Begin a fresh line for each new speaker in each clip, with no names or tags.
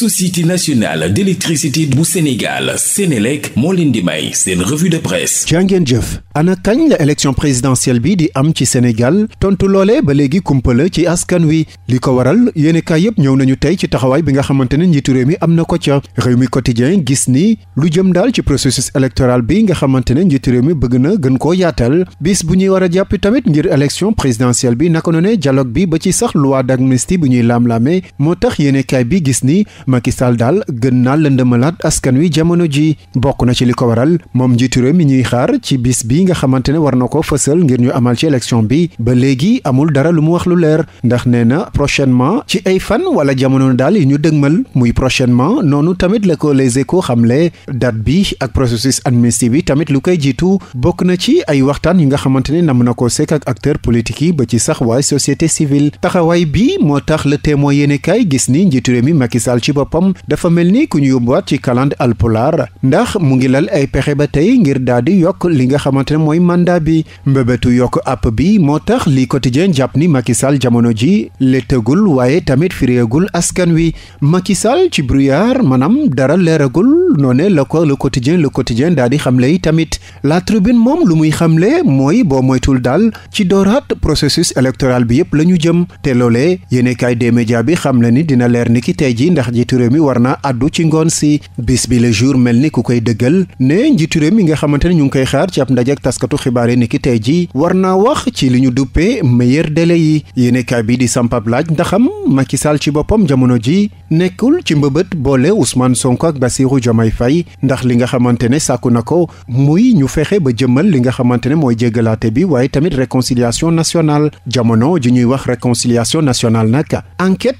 société nationale d'électricité bu Sénégal Sénélec moo leen di may seen revue de presse jàngeen jëf ana kañ la élection présidentielle bi di am ci Sénégal tontu loole ba léegi kumpala ci askan wi li ko waral yéene kaay yëpp ñëw nañu tey ci taxawaay bi nga xamante ne njiitu réew mi am na ko ca réew mi quotidien gis ni lu jëm daal ci processus électoral bi nga xamante ne njiitu mi bëgg na gën koo yaatal bis bu ñuy war a jàpp tamit ngir élection présidentielle bi naka noone dialogue bi ba ci sax loi d'amnistie bi ñuy laam-laamee moo tax yéene kaay gis ni Macky Sall daal gën naa lëndëmalaat askan wi jamono ji bokk na ci li ko waral moom njiitu réew mi ñuy xaar ci bis bi nga xamante ne war na ko fësal ngir ñu amal ci élection bi ba léegi amul dara lu mu wax lu leer ndax nee na prochainement ci ay fan wala jamono daal yi ñu dëgmal muy prochainement noonu tamit la ko Les Échos xamle date bi ak processus amnistie bi tamit lu koy jiitu bokk na ci ay waxtaan yu nga xamante ne nam na ko sekk ak acteur yi ba ci sax waay société civile taxawaay bi moo tax le témoin boppam dafa mel ni ku ñu yóbbuwaat ci kaland alpulaar ndax mu ngi lal ay pexe ba tey ngir daal di yokk li nga xamante ne mooy mandat bi mbébétu yokk app bi moo tax li quotidien jàpp ni Macky Sall jamono ji léttagul waaye tamit firéegul askan wi Macky Sall ci brouillard maanaam dara leeragul noone la ko le quotidien le quotidien daal di xamle yi tamit la tribune moom lu muy xamle mooy boo moytul dal ci dooraat processus électoral bi yëpp la ñu jëm te loolee yéene kaay des njiitu réew mi war naa àddu ci ngoon si bis bi le jour mel ni ku koy dëggal ne njiitu réew nga xamante ne ñu ngi koy xaar ci ab ndaje ak taskatu xibaar yi ni ki tey ji war naa wax ci li ñu duppee meilleur délai yi yéenekaay bi di sampab laaj ndaxam Macky Sall ci boppam jamono ji nekkul ci mbëbët boole Ousmane Sonko ak Bassirou Diomaye fay ndax li nga xamante ne sàkku na ko muy ñu fexe ba jëmal li nga xamante ne mooy jéggalaate bi waaye tamit réconciliation nationale jamono ji ñuy wax réconciliation nationale nag enquête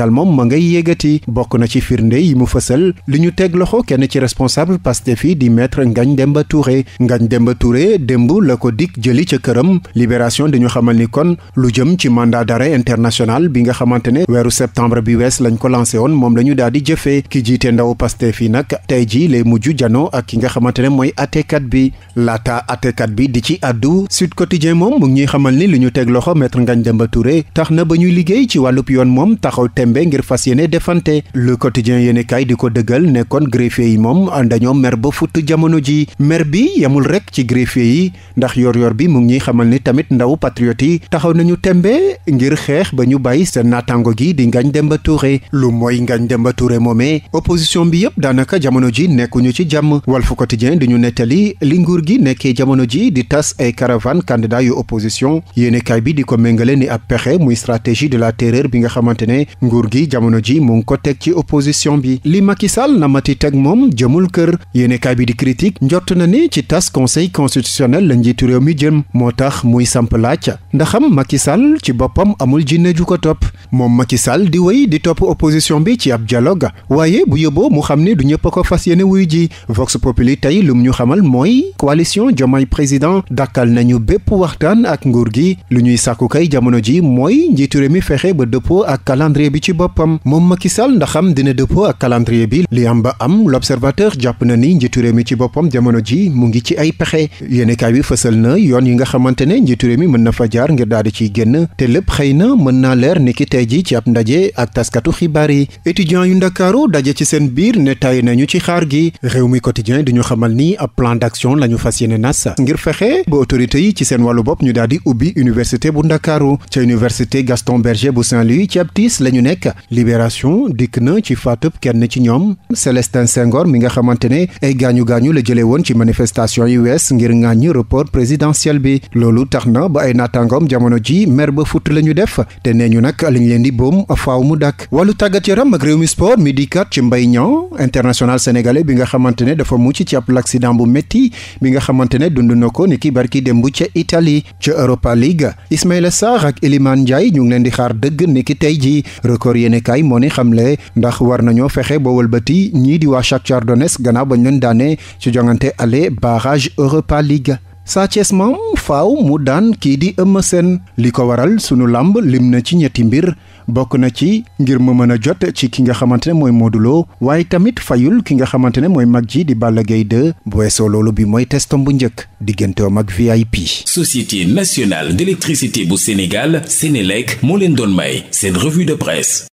Sénégal moom ma ngay yéegati bokk na ci firnde yi mu fësal li ñu teg loxo kenn ci responsable Pastef yi di maître Ngagne Demba Touré Ngagne Demba démb la ko dik jëli ca këram libération dañu xamal ni kon lu jëm ci mandat d'arrêt international bi nga xamante ne weeru septembre bi wees lañ ko lancé woon moom la ñu daal di jëfee ki jiite ndaw Pastef yi nag tey jii lay mujj jano ak ki nga xamante ne mooy atekat bi laata atekat bi di ci addu Sud Quotidien moom mu ñuy xamal ni ñu teg loxo maître Ngagne Demba Touré ba ñuy tembe ngir fas yéene defante le quotidien yéene kaay di ko dëggal ne kon greffier yi moom dañoo mer ba futt jamono ji mer bi yemul rek ci greffier yi ndax yor yor bi mu ngi ñuy xamal ni tamit ndaw patriote taxaw nañu tembe ngir xeex ba ñu bàyyi seen naataango gi di Ngagne Demba Touré lu mooy Ngagne Demba Touré moomee opposition bi yëpp daanaka jamono ji nekkuñu ci jàmm Walf Quotidien di ñu nettali li nguur gi nekkee jamono ji di tas ay caravane candidat yu di ko méngale ni ab pexe muy stratégie de la bi nga xamante nguur gi jamono ji ko teg ci opposition bi li Macky Sall na mati teg moom jëmul kër yéenekaay bi di critique na ni ci tas conseil constitutionnel la njiitu réew moo tax muy samp laaj ndaxam Macky Sall ci boppam amul jinne ju ko topp moom Macky Sall di wéy di topp opposition bi ci ab dialogue waaye bu yóbboo mu xam ne du ñëpp ko fas yéene wuy ji Vox Populi tey lum ñu xamal mooy coalition Diomaye président dàkkal nañu bépp waxtaan ak nguur gi lu ñuy sàkku kay jamono ji mooy njiitu fexe ba dëppoo ak calendrier bi ci boppam moom Macky Sall ndaxam dina dëppoo ak calendrier bi li am ba am l'observateur jàpp na ni njiitu réew mi ci boppam jamono ji mu ngi ci ay pexe yéenekaay bi fësal na yoon yi nga xamante ne njiitu réew mi mën na fa jaar ngir daal di ciy génn te lépp xëy na mën naa leer ni ki tey ji ci ab ndaje ak taskatu xibaar yi étudiants yu ndakaaru daje ci seen biir ne tay nañu ci xaar gi réew mi quotidien di ñu xamal ni ab plan d'action la ñu fas yéene nas ngir fexe ba yi ci seen wàllu bopp ñu daal di ubbi université bu ndakaaru ca université Gaston Berger bu Saint-Louis ci ab tiis ne nekk libération dikk na ci faatub kenn ci ñoom Célestin Senghor mi nga xamante ne ay gaañu-gaañu la jëlee woon ci manifestation yu wees ngir ŋàññi report présidentiel bi loolu tax na ba ay naataangoom jamono ji mer ba fut la ñu def te nee ñu nag liñ leen di boom faaw mu dàkk wàllu tàggat yaram ak réew mi sport mi di kat ci Mbaye Niang international sénégalais bi nga xamante ne dafa mucc ci ab l'accident bu métti bi nga xamante ne dund na ko ni ki barki démb ca Italie ca Europa League Ismaïla koor yéenekaay moo ni xam xamle ndax war nañoo fexe ba wëlbati ñii di waa Shakhtar Donetsk gannaaw bañ leen daane ci jongante aller barrage Europa League Sa Thiès moom faaw mu daan kii di Eumeu Sène li ko waral sunu làmb lim na ci ñetti mbir bokk na ci ngir mu mën a jot ci ki nga xamante ne mooy Modou Lo waaye tamit fayul ki nga xamante ne mooy mag ji di Balla Gaye 2 bu weesoo loolu bi mooy testom bu njëkk digganteem ak VIP. Société nationale d'électricité bu Sénégal Sénélec moo leen doon may seen revue de presse.